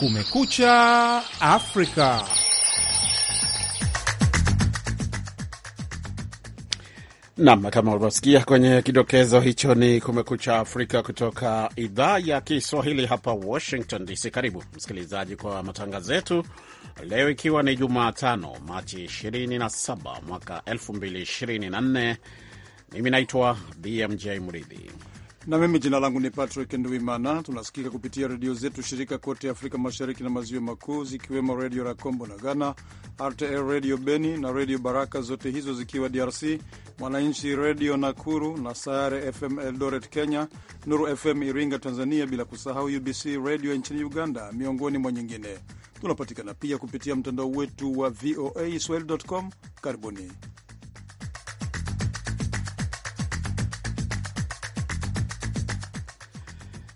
Kumekucha Afrika. Nam, kama ulivyosikia kwenye kidokezo hicho, ni Kumekucha Afrika kutoka idhaa ya Kiswahili hapa Washington DC. Karibu msikilizaji kwa matangazo yetu leo, ikiwa ni Jumatano Machi 27 mwaka 2024. Mimi naitwa BMJ Mridhi na mimi jina langu ni Patrick Nduimana. Tunasikika kupitia redio zetu shirika kote Afrika Mashariki na Maziwa Makuu, zikiwemo Redio racombo na Ghana, RTL Redio Beni na Redio Baraka, zote hizo zikiwa DRC, Mwananchi Redio Nakuru na Sayare FM Eldoret Kenya, Nuru FM Iringa Tanzania, bila kusahau UBC Redio nchini Uganda, miongoni mwa nyingine. Tunapatikana pia kupitia mtandao wetu wa VOA Swahili.com. Karibuni.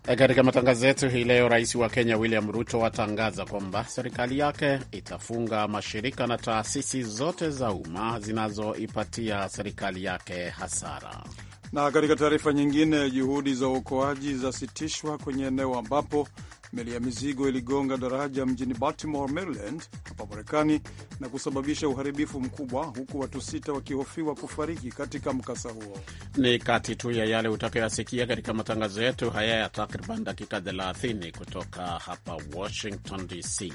Katika matangazo yetu hii leo, rais wa Kenya William Ruto atangaza kwamba serikali yake itafunga mashirika na taasisi zote za umma zinazoipatia serikali yake hasara. Na katika taarifa nyingine, juhudi za uokoaji zasitishwa kwenye eneo ambapo Meli ya mizigo iligonga daraja mjini Baltimore, Maryland, hapa Marekani na kusababisha uharibifu mkubwa, huku watu sita wakihofiwa kufariki katika mkasa huo. Ni kati tu ya yale utakayoyasikia katika matangazo yetu haya ya takriban dakika 30 kutoka hapa Washington DC.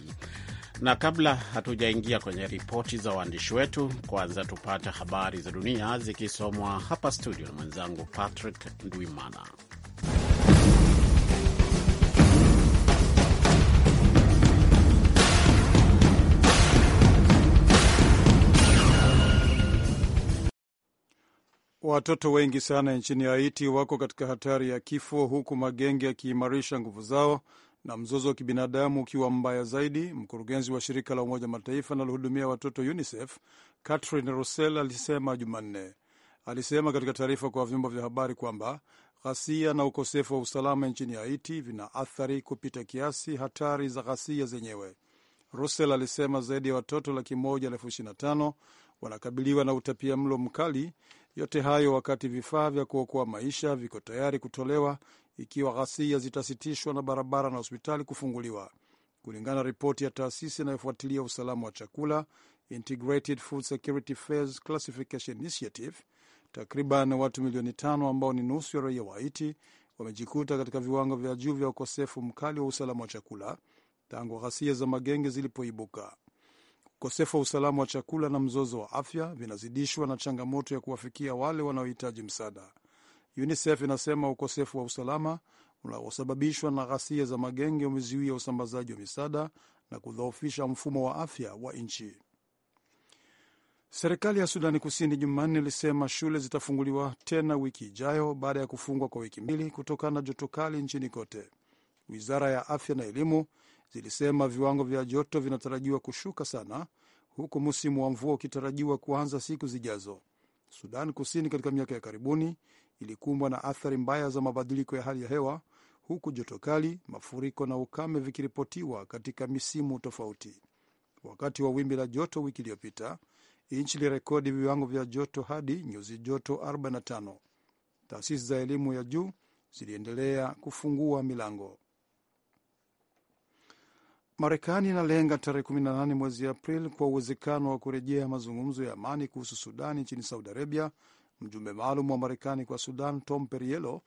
Na kabla hatujaingia kwenye ripoti za waandishi wetu, kwanza tupate habari za dunia zikisomwa hapa studio na mwenzangu Patrick Ndwimana. Watoto wengi sana nchini Haiti wako katika hatari ya kifo, huku magenge yakiimarisha nguvu zao na mzozo wa kibinadamu ukiwa mbaya zaidi. Mkurugenzi wa shirika la Umoja Mataifa analohudumia watoto UNICEF Catherine Russell alisema Jumanne, alisema katika taarifa kwa vyombo vya habari kwamba ghasia na ukosefu wa usalama nchini Haiti vina athari kupita kiasi hatari za ghasia zenyewe. Russell alisema zaidi ya watoto laki moja elfu ishirini na tano wanakabiliwa na utapia mlo mkali yote hayo wakati vifaa vya kuokoa maisha viko tayari kutolewa ikiwa ghasia zitasitishwa na barabara na hospitali kufunguliwa, kulingana na ripoti ya taasisi inayofuatilia usalama wa chakula Integrated Food Security Phase Classification Initiative. Takriban watu milioni tano ambao ni nusu ya raia wa Haiti wamejikuta katika viwango vya juu vya ukosefu mkali wa usalama wa chakula tangu ghasia za magenge zilipoibuka ukosefu wa usalama wa chakula na mzozo wa afya vinazidishwa na changamoto ya kuwafikia wale wanaohitaji msaada. UNICEF inasema ukosefu wa usalama unaosababishwa na ghasia za magenge umezuia usambazaji wa misaada na kudhoofisha mfumo wa afya wa nchi. Serikali ya Sudani Kusini Jumanne ilisema shule zitafunguliwa tena wiki ijayo baada ya kufungwa kwa wiki mbili kutokana na joto kali nchini kote. Wizara ya afya na elimu zilisema viwango vya joto vinatarajiwa kushuka sana, huku msimu wa mvua ukitarajiwa kuanza siku zijazo. Sudan Kusini katika miaka ya karibuni ilikumbwa na athari mbaya za mabadiliko ya hali ya hewa, huku joto kali, mafuriko na ukame vikiripotiwa katika misimu tofauti. Wakati wa wimbi la joto wiki iliyopita, nchi ilirekodi viwango vya joto hadi nyuzi joto 45. Taasisi za elimu ya juu ziliendelea kufungua milango. Marekani inalenga tarehe 18 mwezi april kwa uwezekano wa kurejea mazungumzo ya amani kuhusu Sudani nchini Saudi Arabia. Mjumbe maalum wa Marekani kwa Sudan Tom Perriello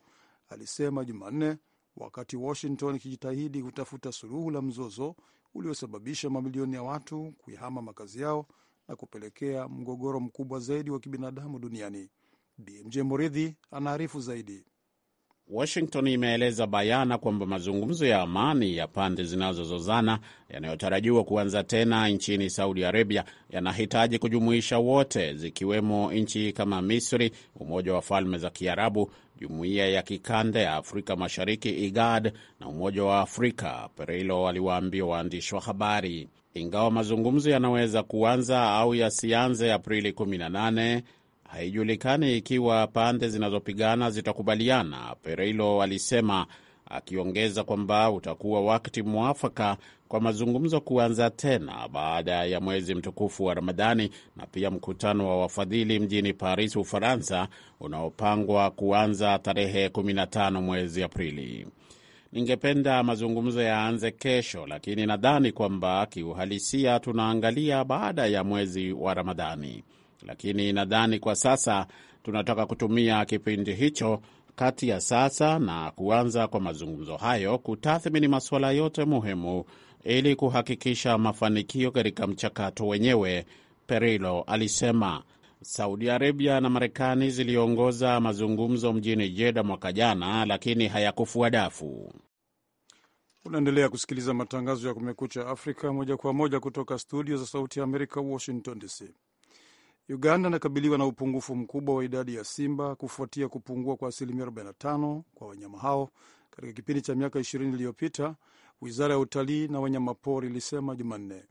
alisema Jumanne, wakati Washington ikijitahidi kutafuta suluhu la mzozo uliosababisha mamilioni ya watu kuihama makazi yao na kupelekea mgogoro mkubwa zaidi wa kibinadamu duniani. BMJ Moridhi anaarifu zaidi. Washington imeeleza bayana kwamba mazungumzo ya amani ya pande zinazozozana yanayotarajiwa kuanza tena nchini Saudi Arabia yanahitaji kujumuisha wote, zikiwemo nchi kama Misri, Umoja wa Falme za Kiarabu, Jumuiya ya Kikanda ya Afrika Mashariki, IGAD, na Umoja wa Afrika. Pereilo aliwaambia waandishi wa habari, ingawa mazungumzo yanaweza kuanza au yasianze Aprili 18 Haijulikani ikiwa pande zinazopigana zitakubaliana, Pereiro alisema, akiongeza kwamba utakuwa wakati mwafaka kwa mazungumzo kuanza tena baada ya mwezi mtukufu wa Ramadhani na pia mkutano wa wafadhili mjini Paris, Ufaransa, unaopangwa kuanza tarehe 15 mwezi Aprili. Ningependa mazungumzo yaanze kesho, lakini nadhani kwamba kiuhalisia tunaangalia baada ya mwezi wa Ramadhani lakini nadhani kwa sasa tunataka kutumia kipindi hicho kati ya sasa na kuanza kwa mazungumzo hayo kutathmini masuala yote muhimu ili kuhakikisha mafanikio katika mchakato wenyewe, Perilo alisema. Saudi Arabia na Marekani ziliongoza mazungumzo mjini Jeda mwaka jana, lakini hayakufua dafu. Unaendelea kusikiliza matangazo ya Kumekucha Afrika moja kwa moja kutoka studio za Sauti ya Amerika, Washington DC. Uganda inakabiliwa na upungufu mkubwa wa idadi ya simba kufuatia kupungua kwa asilimia 45 kwa wanyama hao katika kipindi cha miaka 20 iliyopita, wizara ya utalii na wanyamapori ilisema Jumanne.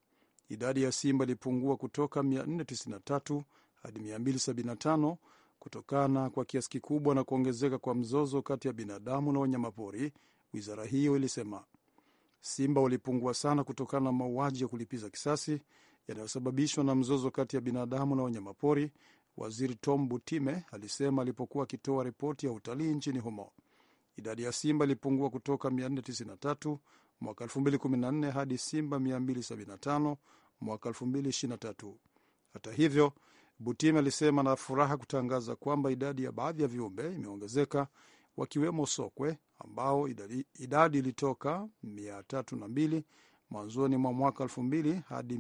Idadi ya simba ilipungua kutoka 493 hadi 275 kutokana kwa kiasi kikubwa na kuongezeka kwa mzozo kati ya binadamu na wanyamapori, wizara hiyo ilisema. Simba walipungua sana kutokana na mauaji ya kulipiza kisasi yanayosababishwa na mzozo kati ya binadamu na wanyamapori, waziri Tom Butime alisema alipokuwa akitoa ripoti ya utalii nchini humo. Idadi ya simba ilipungua kutoka 493 mwaka 2014 hadi simba 275 mwaka 2023. Hata hivyo, Butime alisema na furaha kutangaza kwamba idadi ya baadhi ya viumbe imeongezeka wakiwemo sokwe ambao idadi, idadi ilitoka 302 mwanzoni mwa mwaka 2000 hadi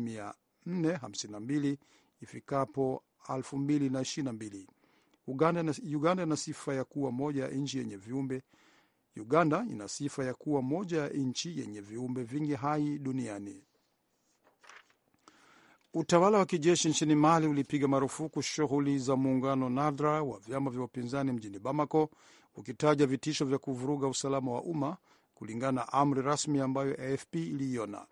452 ifikapo 2022. Uganda Uganda ina sifa ya kuwa moja ya nchi yenye viumbe Uganda ina sifa ya kuwa moja ya nchi yenye viumbe vingi hai duniani. Utawala wa kijeshi nchini Mali ulipiga marufuku shughuli za muungano nadra wa vyama vya upinzani mjini Bamako, ukitaja vitisho vya kuvuruga usalama wa umma, kulingana na amri rasmi ambayo AFP iliiona.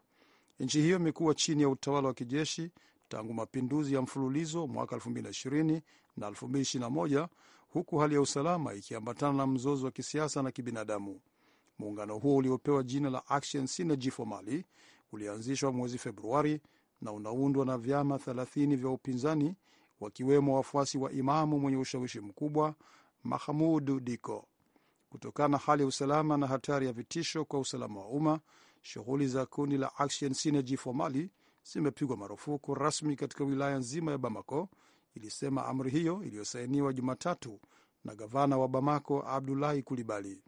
Nchi hiyo imekuwa chini ya utawala wa kijeshi tangu mapinduzi ya mfululizo mwaka 2020 na 2021, huku hali ya usalama ikiambatana na mzozo wa kisiasa na kibinadamu. Muungano huo uliopewa jina la Action Synergy for Mali ulianzishwa mwezi Februari na unaundwa na vyama 30 vya upinzani wakiwemo wafuasi wa imamu mwenye ushawishi mkubwa Mahamudu Diko. Kutokana na hali ya usalama na hatari ya vitisho kwa usalama wa umma, Shughuli za kundi la Action Synergy for Mali zimepigwa marufuku rasmi katika wilaya nzima ya Bamako, ilisema amri hiyo iliyosainiwa Jumatatu na gavana wa Bamako Abdulahi Kulibali.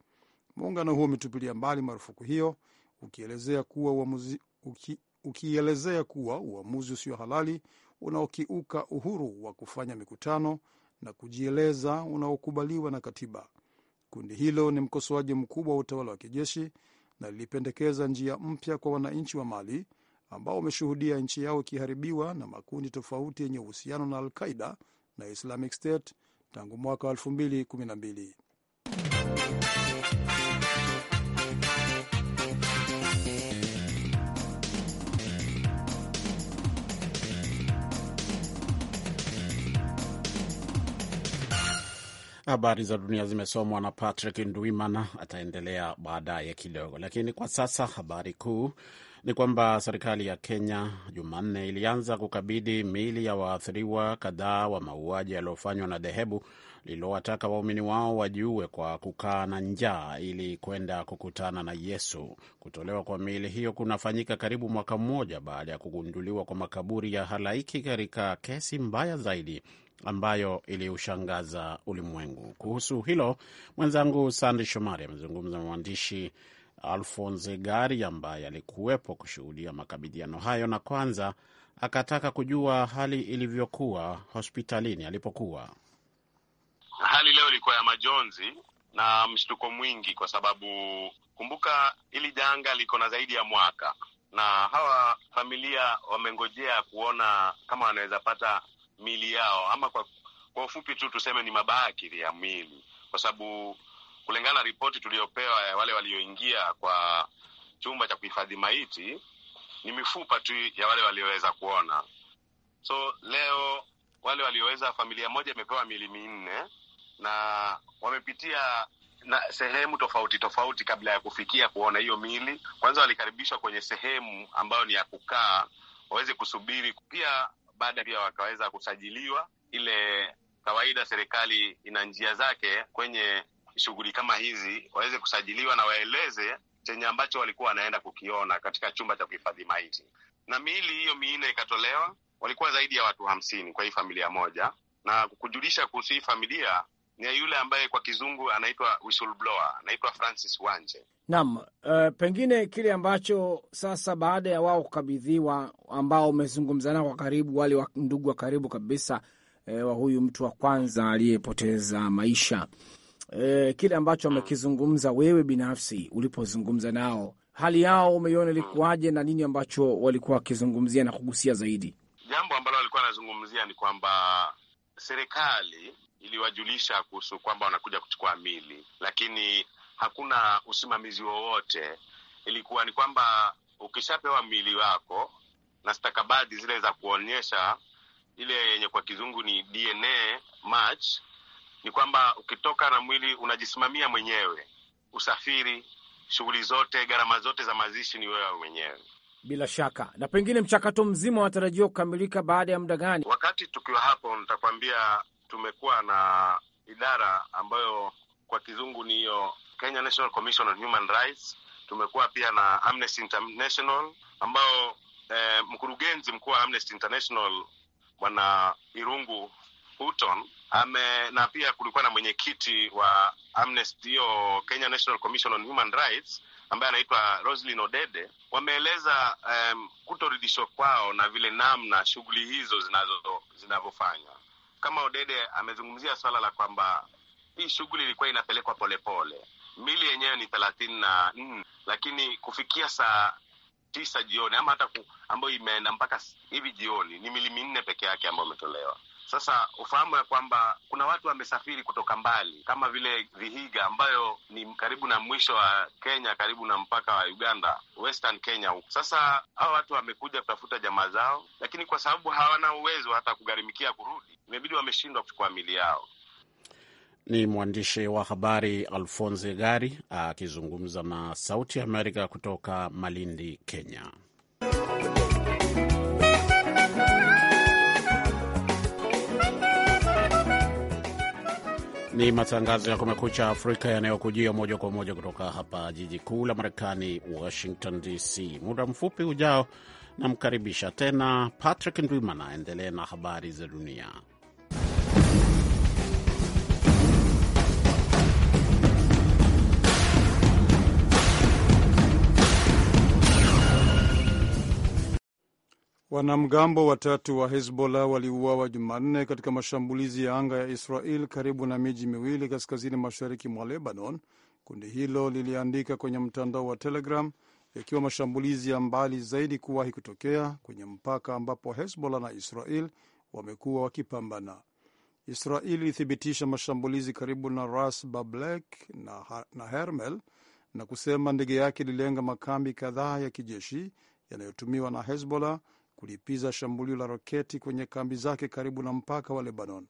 Muungano huo umetupilia mbali marufuku hiyo ukielezea kuwa uamuzi, uki, ukielezea kuwa uamuzi usio halali unaokiuka uhuru wa kufanya mikutano na kujieleza unaokubaliwa na katiba. Kundi hilo ni mkosoaji mkubwa wa utawala wa kijeshi na lilipendekeza njia mpya kwa wananchi wa Mali ambao wameshuhudia nchi yao ikiharibiwa na makundi tofauti yenye uhusiano na alqaida na Islamic State tangu mwaka 2012. Habari za dunia zimesomwa na Patrick Ndwimana, ataendelea baadaye kidogo, lakini kwa sasa habari kuu ni kwamba serikali ya Kenya Jumanne ilianza kukabidhi miili ya waathiriwa kadhaa wa mauaji yaliyofanywa na dhehebu lililowataka waumini wao wajiue kwa kukaa na njaa ili kwenda kukutana na Yesu. Kutolewa kwa miili hiyo kunafanyika karibu mwaka mmoja baada ya kugunduliwa kwa makaburi ya halaiki katika kesi mbaya zaidi ambayo iliushangaza ulimwengu. Kuhusu hilo, mwenzangu Sande Shomari amezungumza na mwandishi alfonse Gari ambaye alikuwepo kushuhudia makabidhiano hayo, na kwanza akataka kujua hali ilivyokuwa hospitalini alipokuwa. Hali leo ilikuwa ya majonzi na mshtuko mwingi, kwa sababu kumbuka, hili janga liko na zaidi ya mwaka na hawa familia wamengojea kuona kama wanaweza pata mili yao, ama kwa, kwa ufupi tu tuseme ni mabaki ya mili, kwa sababu kulingana na ripoti tuliyopewa ya wale walioingia kwa chumba cha kuhifadhi maiti ni mifupa tu ya wale walioweza kuona. So leo wale walioweza, familia moja imepewa mili minne na wamepitia na sehemu tofauti tofauti kabla ya kufikia kuona hiyo mili. Kwanza walikaribishwa kwenye sehemu ambayo ni ya kukaa waweze kusubiri. Pia baada pia wakaweza kusajiliwa. Ile kawaida serikali ina njia zake kwenye shughuli kama hizi, waweze kusajiliwa na waeleze chenye ambacho walikuwa wanaenda kukiona katika chumba cha kuhifadhi maiti, na miili hiyo minne ikatolewa. Walikuwa zaidi ya watu hamsini kwa hii familia moja, na kukujulisha kuhusu hii familia ni yule ambaye kwa kizungu anaitwa whistleblower, anaitwa Francis Wanje. Naam. Uh, pengine kile ambacho sasa baada ya wao kukabidhiwa, ambao umezungumza nao kwa karibu, wale wa ndugu wa karibu kabisa eh, wa huyu mtu wa kwanza aliyepoteza maisha eh, kile ambacho wamekizungumza, wewe binafsi ulipozungumza nao, hali yao umeiona ilikuwaje, na nini ambacho walikuwa wakizungumzia na kugusia zaidi? Jambo ambalo walikuwa wanazungumzia ni kwamba serikali iliwajulisha kuhusu kwamba wanakuja kuchukua mili, lakini hakuna usimamizi wowote. Ilikuwa ni kwamba ukishapewa mili wako na stakabadhi zile za kuonyesha ile yenye kwa kizungu ni DNA match, ni kwamba ukitoka na mwili unajisimamia mwenyewe, usafiri, shughuli zote, gharama zote za mazishi ni wewe mwenyewe. Bila shaka. Na pengine mchakato mzima unatarajiwa kukamilika baada ya muda gani? Wakati tukiwa hapo, nitakwambia tumekuwa na idara ambayo kwa kizungu ni hiyo Kenya National Commission on Human Rights. Tumekuwa pia na Amnesty International ambao eh, mkurugenzi mkuu wa Amnesty International Bwana Irungu Houghton ame na pia kulikuwa na mwenyekiti wa Amnesty hiyo Kenya National Commission on Human Rights ambaye anaitwa Roslyn Odede wameeleza um, kutoridhishwa kwao na vile namna shughuli hizo zinazo zinavyofanywa kama Odede amezungumzia swala la kwamba hii shughuli ilikuwa inapelekwa polepole, mili yenyewe ni thelathini na nne, lakini kufikia saa tisa jioni ama hata ambayo imeenda mpaka hivi jioni ni mili minne peke yake ambayo imetolewa. Sasa ufahamu ya kwamba kuna watu wamesafiri kutoka mbali kama vile Vihiga ambayo ni karibu na mwisho wa Kenya, karibu na mpaka wa Uganda, Western Kenya huku. Sasa hawa watu wamekuja kutafuta jamaa zao, lakini kwa sababu hawana uwezo hata kugharimikia kurudi, imebidi wameshindwa kuchukua mili yao. Ni mwandishi wa habari alfonse Gari akizungumza na Sauti ya Amerika kutoka Malindi, Kenya. Ni matangazo ya Kumekucha Afrika yanayokujia moja kwa moja kutoka hapa jiji kuu la Marekani, Washington DC. Muda mfupi ujao namkaribisha tena Patrick Ndwimana aendelee na habari za dunia. Wanamgambo watatu wa Hezbollah waliuawa Jumanne katika mashambulizi ya anga ya Israel karibu na miji miwili kaskazini mashariki mwa Lebanon, kundi hilo liliandika kwenye mtandao wa Telegram, yakiwa mashambulizi ya mbali zaidi kuwahi kutokea kwenye mpaka ambapo Hezbollah na Israel wamekuwa wakipambana. Israel ilithibitisha mashambulizi karibu na Ras Bablek na, na Hermel na kusema ndege yake ililenga makambi kadhaa ya kijeshi yanayotumiwa na Hezbollah kulipiza shambulio la roketi kwenye kambi zake karibu na mpaka wa Lebanon.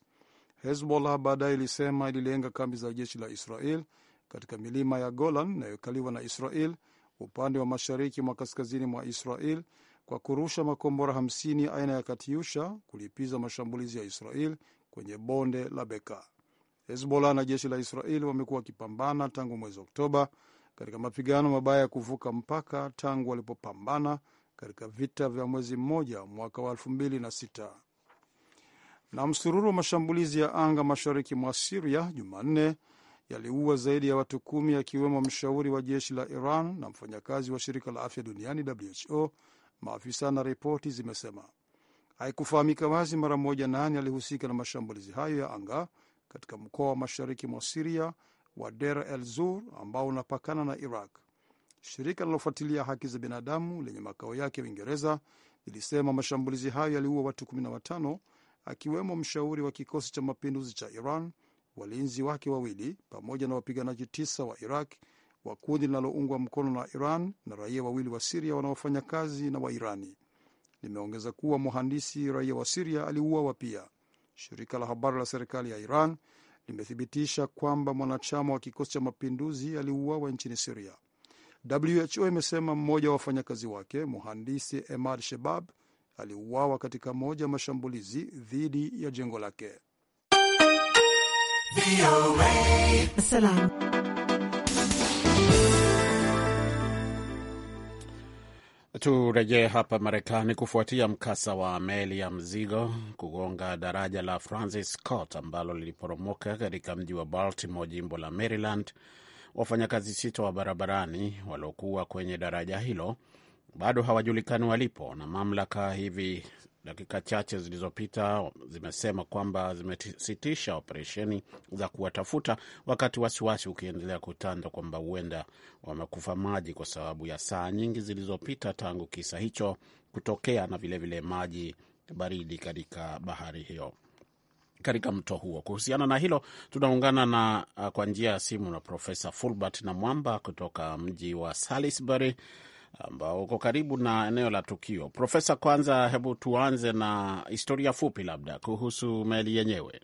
Hezbollah baadaye ilisema ililenga kambi za jeshi la Israel katika milima ya Golan inayokaliwa na Israel upande wa mashariki mwa kaskazini mwa Israel kwa kurusha makombora 50 aina ya katiusha kulipiza mashambulizi ya Israel kwenye bonde la Beka. Hezbollah na jeshi la Israel wamekuwa wakipambana tangu mwezi Oktoba katika mapigano mabaya ya kuvuka mpaka tangu walipopambana katika vita vya mwezi mmoja mwaka wa 2006. Na msururu wa mashambulizi ya anga mashariki mwa Siria Jumanne yaliua zaidi ya watu kumi, akiwemo mshauri wa jeshi la Iran na mfanyakazi wa shirika la afya duniani WHO, maafisa na ripoti zimesema. Haikufahamika wazi mara moja nani alihusika na mashambulizi hayo ya anga katika mkoa wa mashariki mwa Siria wa Der el Zur ambao unapakana na Iraq. Shirika linalofuatilia haki za binadamu lenye makao yake Uingereza lilisema mashambulizi hayo yaliua watu 15 akiwemo mshauri wa kikosi cha mapinduzi cha Iran, walinzi wake wawili, pamoja na wapiganaji tisa wa Iraq wa kundi linaloungwa mkono na Iran na raia wawili wa Siria wanaofanya kazi na Wairani. Limeongeza kuwa mhandisi raia wa Siria aliuawa pia. Shirika la habari la serikali ya Iran limethibitisha kwamba mwanachama wa kikosi cha mapinduzi aliuawa nchini Siria. WHO imesema mmoja wa wafanyakazi wake mhandisi Emad Shebab aliuawa katika moja mashambulizi dhidi ya jengo lake. Turejee hapa Marekani kufuatia mkasa wa meli ya mzigo kugonga daraja la Francis Scott ambalo liliporomoka katika mji wa Baltimore, jimbo la Maryland Wafanyakazi sita wa barabarani waliokuwa kwenye daraja hilo bado hawajulikani walipo, na mamlaka hivi dakika chache zilizopita zimesema kwamba zimesitisha operesheni za kuwatafuta, wakati wasiwasi ukiendelea kutanda kwamba huenda wamekufa maji kwa sababu ya saa nyingi zilizopita tangu kisa hicho kutokea na vilevile vile maji baridi katika bahari hiyo katika mto huo. Kuhusiana na hilo, tunaungana na uh, kwa njia ya simu na Profesa Fulbert na Mwamba kutoka mji wa Salisbury ambao uko karibu na eneo la tukio. Profesa, kwanza hebu tuanze na historia fupi labda kuhusu meli yenyewe.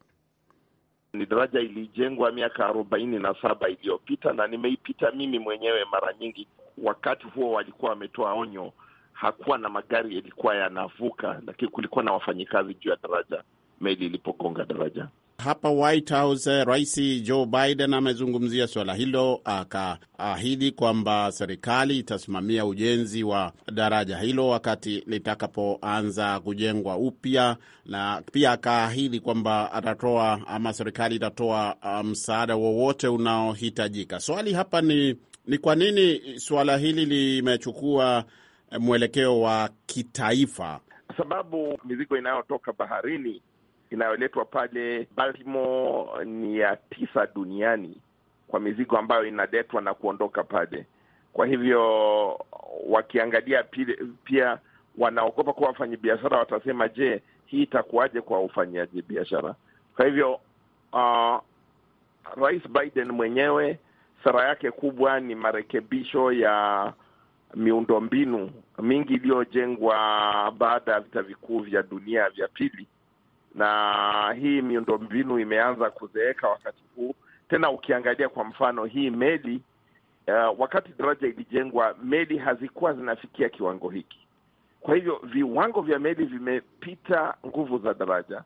Ni daraja ilijengwa miaka arobaini na saba iliyopita na nimeipita mimi mwenyewe mara nyingi. Wakati huo walikuwa wametoa onyo, hakuwa na magari yalikuwa yanavuka, lakini kulikuwa na wafanyikazi juu ya daraja meli ilipogonga daraja. Hapa White House, eh, Rais Joe Biden amezungumzia suala hilo, akaahidi kwamba serikali itasimamia ujenzi wa daraja hilo wakati litakapoanza kujengwa upya, na pia akaahidi kwamba atatoa ama serikali itatoa ah, msaada wowote unaohitajika. Swali hapa ni ni kwa nini suala hili limechukua eh, mwelekeo wa kitaifa? Sababu mizigo inayotoka baharini inayoletwa pale Baltimore ni ya tisa duniani kwa mizigo ambayo inaletwa na kuondoka pale. Kwa hivyo wakiangalia pia, pia wanaogopa kuwa wafanyabiashara watasema, je, hii itakuwaje kwa ufanyaji biashara? Kwa hivyo uh, Rais Biden mwenyewe sera yake kubwa ni marekebisho ya miundombinu mingi iliyojengwa baada ya vita vikuu vya dunia vya pili na hii miundombinu imeanza kuzeeka wakati huu. Tena ukiangalia kwa mfano hii meli uh, wakati daraja ilijengwa meli hazikuwa zinafikia kiwango hiki. Kwa hivyo viwango vya meli vimepita nguvu za daraja.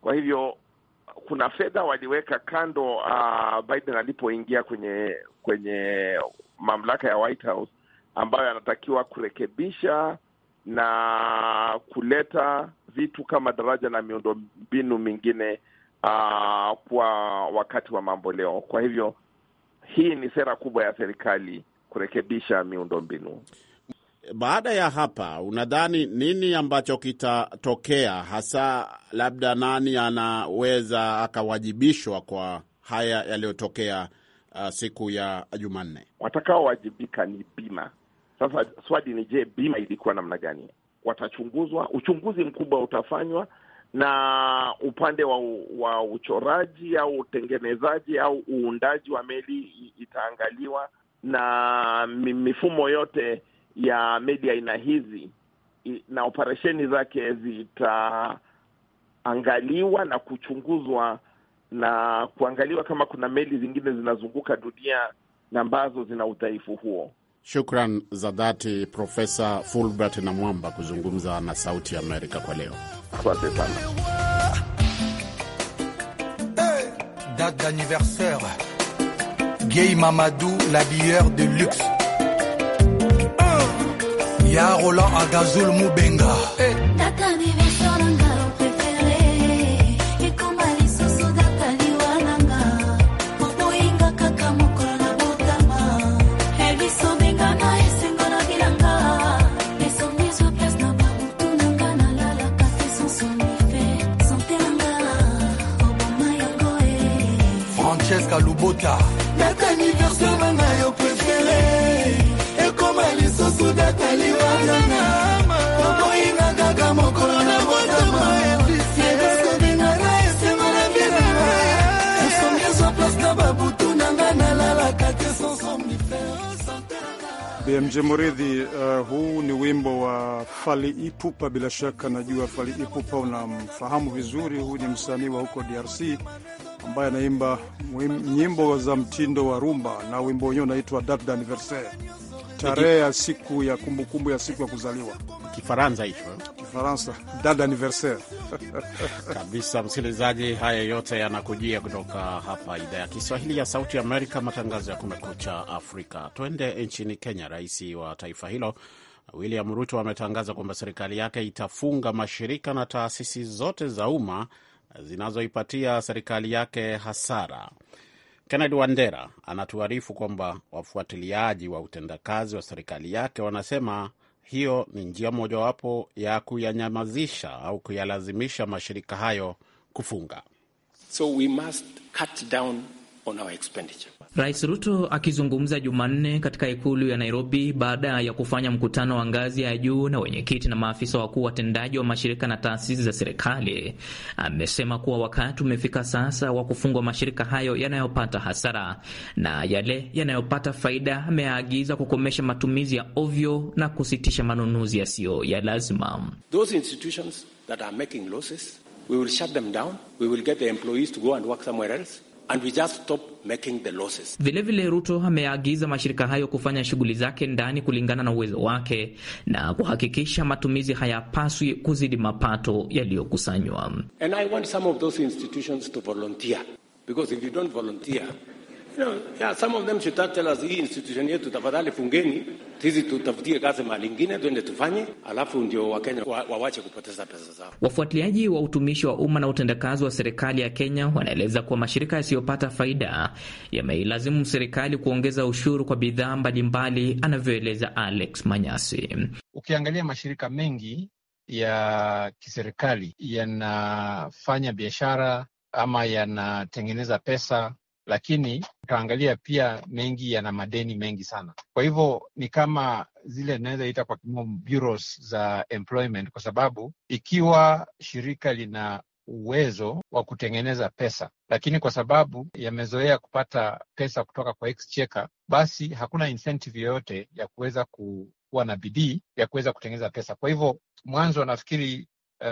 Kwa hivyo kuna fedha waliweka kando uh, Biden alipoingia kwenye kwenye mamlaka ya White House ambayo anatakiwa kurekebisha na kuleta vitu kama daraja na miundombinu mingine uh, kwa wakati wa mambo leo Kwa hivyo hii ni sera kubwa ya serikali kurekebisha miundombinu. Baada ya hapa, unadhani nini ambacho kitatokea hasa? Labda nani anaweza akawajibishwa kwa haya yaliyotokea uh, siku ya Jumanne? Watakaowajibika ni bima sasa swali ni je, bima ilikuwa namna gani? Watachunguzwa, uchunguzi mkubwa utafanywa na upande wa, wa uchoraji au utengenezaji au uundaji wa meli itaangaliwa, na mifumo yote ya meli aina hizi na operesheni zake zitaangaliwa na kuchunguzwa na kuangaliwa kama kuna meli zingine zinazunguka dunia na ambazo zina udhaifu huo. Shukran za dhati Profesa Fulbert na Mwamba kuzungumza na Sauti ya Amerika kwa leo. Asante sana date d'anniversaire Gay Mamadou la bière de luxe ya Roland Agazul Mubenga Duchesse Kalubota BMJ Muridhi, uh, huu ni wimbo wa Fali Ipupa. Bila shaka najua Fali Ipupa unamfahamu vizuri. Huyu ni msanii wa huko DRC ambaye anaimba nyimbo za mtindo wa rumba na wimbo wenyewe unaitwa date d'anniversaire, tarehe ya siku ya kumbukumbu kumbu ya siku ya kuzaliwa. Kifaransa hicho, eh? Kifaransa, date d'anniversaire kabisa. Msikilizaji, haya yote yanakujia kutoka hapa idhaa ya Kiswahili ya Sauti ya Amerika, matangazo ya Kumekucha Afrika. Tuende nchini Kenya. Rais wa taifa hilo William Ruto ametangaza kwamba serikali yake itafunga mashirika na taasisi zote za umma zinazoipatia serikali yake hasara. Kennedy Wandera anatuarifu kwamba wafuatiliaji wa utendakazi wa serikali yake wanasema hiyo ni njia mojawapo ya kuyanyamazisha au kuyalazimisha mashirika hayo kufunga. So we must cut down on our expenditure. Rais Ruto akizungumza Jumanne katika ikulu ya Nairobi baada ya kufanya mkutano wa ngazi ya juu na wenyekiti na maafisa wakuu watendaji wa mashirika na taasisi za serikali amesema kuwa wakati umefika sasa wa kufungwa mashirika hayo yanayopata hasara na yale yanayopata faida. Ameyaagiza kukomesha matumizi ya ovyo na kusitisha manunuzi yasiyo ya lazima. Those institutions that are making losses, we will shut them down. We will get the employees to go and work somewhere else. And we just stop making the losses. Vile Ruto ameagiza mashirika hayo kufanya shughuli zake ndani kulingana na uwezo wake na kuhakikisha matumizi hayapaswi kuzidi mapato yaliyokusanywa. And I want some of those institutions to volunteer because if you don't volunteer No, yeah, some of them should tell us hii institution yetu tafadhali fungeni, hizi tutafutie kazi mahali ingine tuende tufanye, alafu ndio Wakenya wawache kupoteza pesa zao. Wafuatiliaji wa utumishi wa umma na utendakazi wa serikali ya Kenya wanaeleza kuwa mashirika yasiyopata faida yameilazimu serikali kuongeza ushuru kwa bidhaa mbalimbali, anavyoeleza Alex Manyasi. Ukiangalia mashirika mengi ya kiserikali yanafanya biashara ama yanatengeneza pesa lakini utaangalia pia mengi yana madeni mengi sana. Kwa hivyo ni kama zile zinaweza ita kwa kimombo bureaus za employment, kwa sababu ikiwa shirika lina uwezo wa kutengeneza pesa, lakini kwa sababu yamezoea kupata pesa kutoka kwa exchequer, basi hakuna incentive yoyote ya kuweza kuwa na bidii ya kuweza kutengeneza pesa. Kwa hivyo mwanzo nafikiri uh,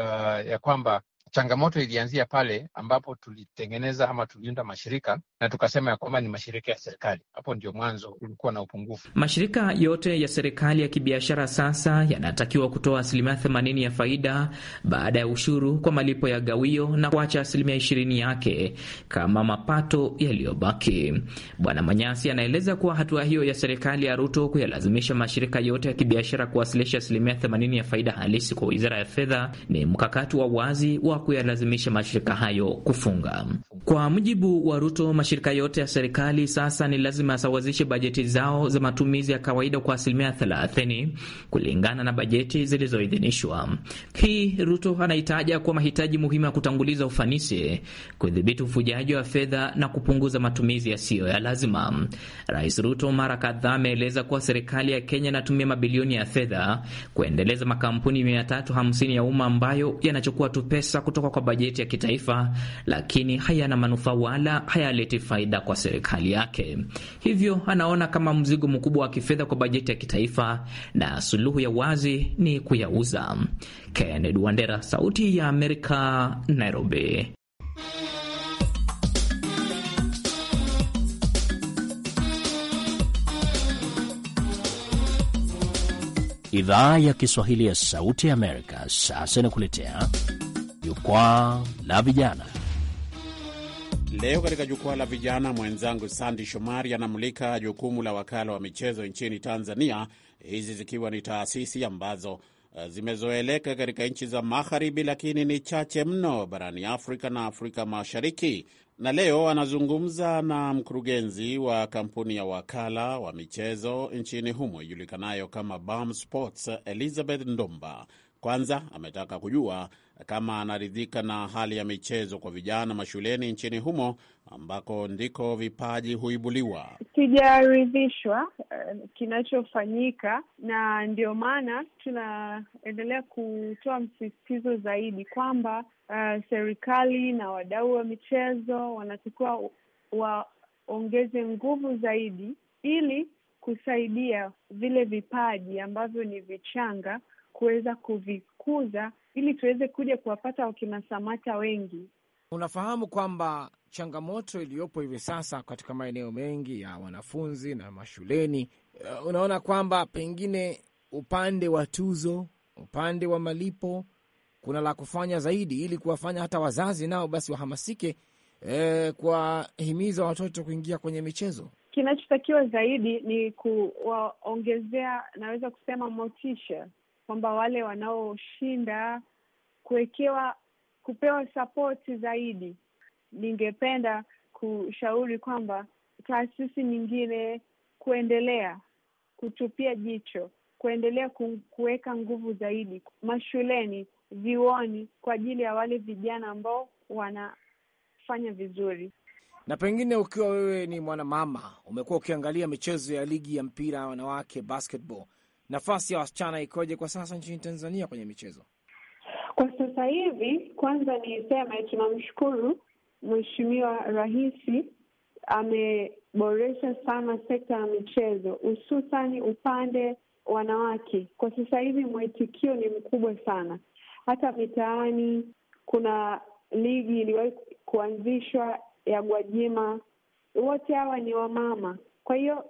ya kwamba Changamoto ilianzia pale ambapo tulitengeneza ama tuliunda mashirika na tukasema ya kwamba ni mashirika ya serikali. Hapo ndio mwanzo ulikuwa na upungufu. Mashirika yote ya serikali ya kibiashara sasa yanatakiwa kutoa asilimia themanini ya faida baada ya ushuru kwa malipo ya gawio na kuacha asilimia ishirini yake kama mapato yaliyobaki. Bwana Manyasi anaeleza kuwa hatua hiyo ya serikali ya Ruto kuyalazimisha mashirika yote ya kibiashara kuwasilisha asilimia themanini ya faida halisi kwa wizara ya fedha ni mkakati wa wazi wa kuyalazimisha mashirika hayo kufunga. Kwa mujibu wa Ruto, mashirika yote ya serikali sasa ni lazima yasawazishe bajeti zao za matumizi ya kawaida kwa asilimia 30 kulingana na bajeti zilizoidhinishwa. Hii Ruto anahitaja kuwa mahitaji muhimu ya kutanguliza ufanisi, kudhibiti ufujaji wa fedha na kupunguza matumizi yasiyo ya lazima. Rais Ruto mara kadhaa ameeleza kuwa serikali ya Kenya inatumia mabilioni ya fedha kuendeleza makampuni 350 ya umma ambayo yanachukua tu pesa kutoka kwa bajeti ya kitaifa, lakini hayana hayana manufaa wala hayaleti faida kwa serikali yake. Hivyo anaona kama mzigo mkubwa wa kifedha kwa bajeti ya kitaifa, na suluhu ya wazi ni kuyauza. Kennedy Wandera, Sauti ya Amerika, Nairobi. Idhaa ya Kiswahili ya Sauti ya Amerika sasa inakuletea jukwaa la vijana. Leo katika jukwaa la vijana, mwenzangu Sandi Shomari anamulika jukumu la wakala wa michezo nchini Tanzania, hizi zikiwa ni taasisi ambazo eh, zimezoeleka katika nchi za magharibi, lakini ni chache mno barani Afrika na Afrika Mashariki. Na leo anazungumza na mkurugenzi wa kampuni ya wakala wa michezo nchini humo ijulikanayo kama BAM Sports, Elizabeth Ndomba. Kwanza ametaka kujua kama anaridhika na hali ya michezo kwa vijana mashuleni nchini humo ambako ndiko vipaji huibuliwa. Sijaridhishwa eh, kinachofanyika, na ndio maana tunaendelea kutoa msisitizo zaidi kwamba uh, serikali na wadau wa michezo wanatakiwa waongeze nguvu zaidi ili kusaidia vile vipaji ambavyo ni vichanga kuweza kuvikuza ili tuweze kuja kuwapata wakina Samata wengi. Unafahamu kwamba changamoto iliyopo hivi sasa katika maeneo mengi ya wanafunzi na mashuleni, eh, unaona kwamba pengine upande wa tuzo, upande wa malipo, kuna la kufanya zaidi, ili kuwafanya hata wazazi nao basi wahamasike, eh, kuwahimiza watoto kuingia kwenye michezo. Kinachotakiwa zaidi ni kuwaongezea, naweza kusema motisha kwamba wale wanaoshinda kuwekewa kupewa sapoti zaidi. Ningependa kushauri kwamba taasisi nyingine kuendelea kutupia jicho, kuendelea kuweka nguvu zaidi mashuleni, vioni kwa ajili ya wale vijana ambao wanafanya vizuri. Na pengine ukiwa wewe ni mwanamama, umekuwa ukiangalia michezo ya ligi ya mpira wanawake basketball Nafasi ya wasichana ikoje kwa sasa nchini Tanzania kwenye michezo kwa sasa hivi? Kwanza niseme tunamshukuru Mheshimiwa Rais, ameboresha sana sekta ya michezo, hususani upande wanawake. Kwa sasa hivi mwitikio ni mkubwa sana, hata mitaani kuna ligi iliwahi kuanzishwa ya Gwajima, wote hawa ni wamama. Kwa hiyo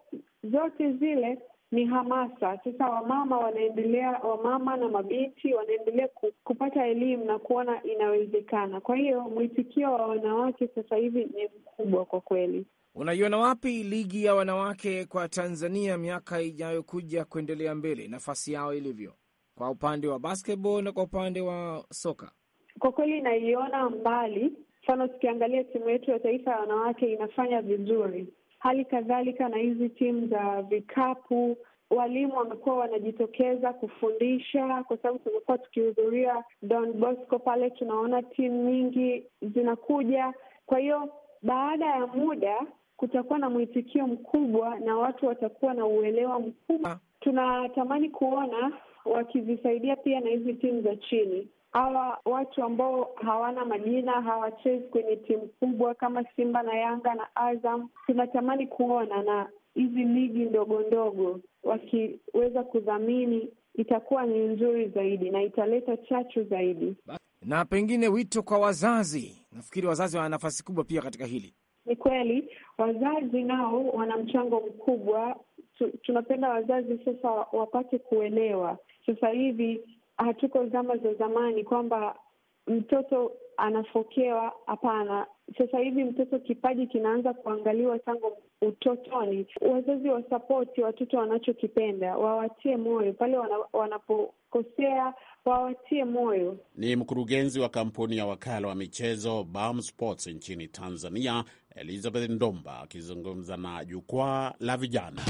zote zile ni hamasa. Sasa wamama wanaendelea, wamama na mabinti wanaendelea kupata elimu na kuona inawezekana. Kwa hiyo mwitikio wa wanawake sasa hivi ni mkubwa kwa kweli. Unaiona wapi ligi ya wanawake kwa Tanzania miaka ijayokuja kuendelea mbele, nafasi yao ilivyo kwa upande wa basketball na kwa upande wa soka? Kwa kweli naiona mbali. Mfano, tukiangalia timu yetu ya taifa ya wanawake inafanya vizuri Hali kadhalika na hizi timu za vikapu, walimu wamekuwa wanajitokeza kufundisha, kwa sababu tumekuwa tukihudhuria Don Bosco pale, tunaona timu nyingi zinakuja. Kwa hiyo baada ya muda kutakuwa na mwitikio mkubwa na watu watakuwa na uelewa mkubwa. Ah. Tunatamani kuona wakizisaidia pia na hizi timu za chini hawa watu ambao hawana majina hawachezi kwenye timu kubwa kama Simba na Yanga na Azam, tunatamani kuona na hizi ligi ndogo ndogo wakiweza kudhamini, itakuwa ni nzuri zaidi na italeta chachu zaidi. Na pengine wito kwa wazazi, nafikiri wazazi wana nafasi kubwa pia katika hili. Ni kweli wazazi nao wana mchango mkubwa. Tunapenda wazazi sasa wapate kuelewa sasa hivi hatuko zama za zamani kwamba mtoto anafokewa. Hapana, sasa hivi mtoto kipaji kinaanza kuangaliwa tangu utotoni. Wazazi wasapoti watoto wanachokipenda, wawatie moyo pale wanapokosea wawatie moyo. Ni mkurugenzi wa kampuni ya wakala wa michezo BAM Sports nchini Tanzania, Elizabeth Ndomba akizungumza na Jukwaa la Vijana.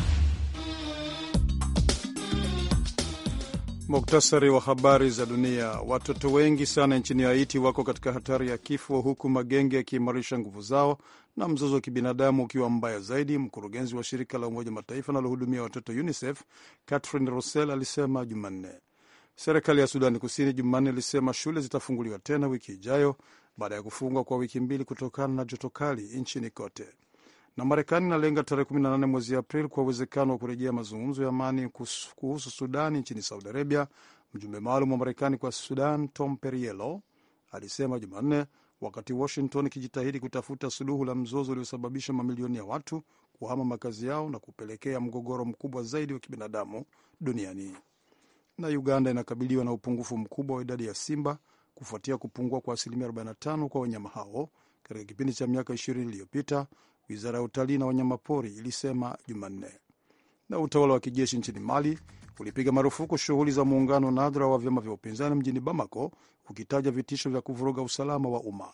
Muktasari wa habari za dunia. Watoto wengi sana nchini Haiti wako katika hatari ya kifo, huku magenge yakiimarisha nguvu zao na mzozo wa kibinadamu ukiwa mbaya zaidi. Mkurugenzi wa shirika la Umoja Mataifa analohudumia watoto UNICEF Catherine rossell alisema Jumanne. Serikali ya Sudani Kusini Jumanne ilisema shule zitafunguliwa tena wiki ijayo baada ya kufungwa kwa wiki mbili kutokana na joto kali nchini kote na Marekani inalenga tarehe 18 mwezi Aprili kwa uwezekano wa kurejea mazungumzo ya amani kuhusu Sudani nchini Saudi Arabia. Mjumbe maalum wa Marekani kwa Sudan Tom Perriello alisema Jumanne wakati Washington ikijitahidi kutafuta suluhu la mzozo uliosababisha mamilioni ya watu kuhama makazi yao na kupelekea mgogoro mkubwa zaidi wa kibinadamu duniani. Na Uganda inakabiliwa na upungufu mkubwa wa idadi ya simba kufuatia kupungua kwa asilimia 45 kwa wanyama hao katika kipindi cha miaka 20 iliyopita, wizara ya utalii na wanyamapori ilisema Jumanne. Na utawala wa kijeshi nchini Mali ulipiga marufuku shughuli za muungano nadra wa vyama vya upinzani mjini Bamako, ukitaja vitisho vya kuvuruga usalama wa umma.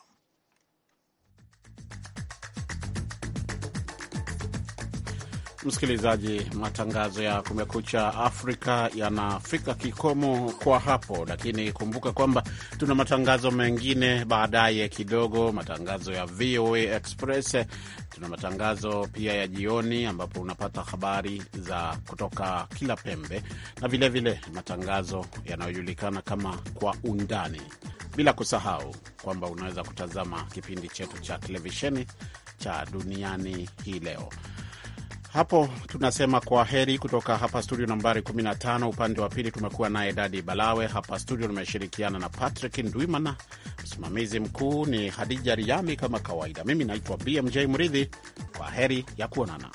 Msikilizaji, matangazo ya Kumekucha Afrika yanafika kikomo kwa hapo, lakini kumbuka kwamba tuna matangazo mengine baadaye kidogo, matangazo ya VOA Express. Tuna matangazo pia ya jioni, ambapo unapata habari za kutoka kila pembe na vilevile vile matangazo yanayojulikana kama Kwa Undani, bila kusahau kwamba unaweza kutazama kipindi chetu cha televisheni cha Duniani Hii Leo hapo tunasema kwa heri kutoka hapa studio nambari 15. Upande wa pili tumekuwa naye Dadi Balawe. Hapa studio nimeshirikiana na Patrick Ndwimana, msimamizi mkuu ni Hadija Riami. Kama kawaida, mimi naitwa BMJ Mridhi. Kwa heri ya kuonana.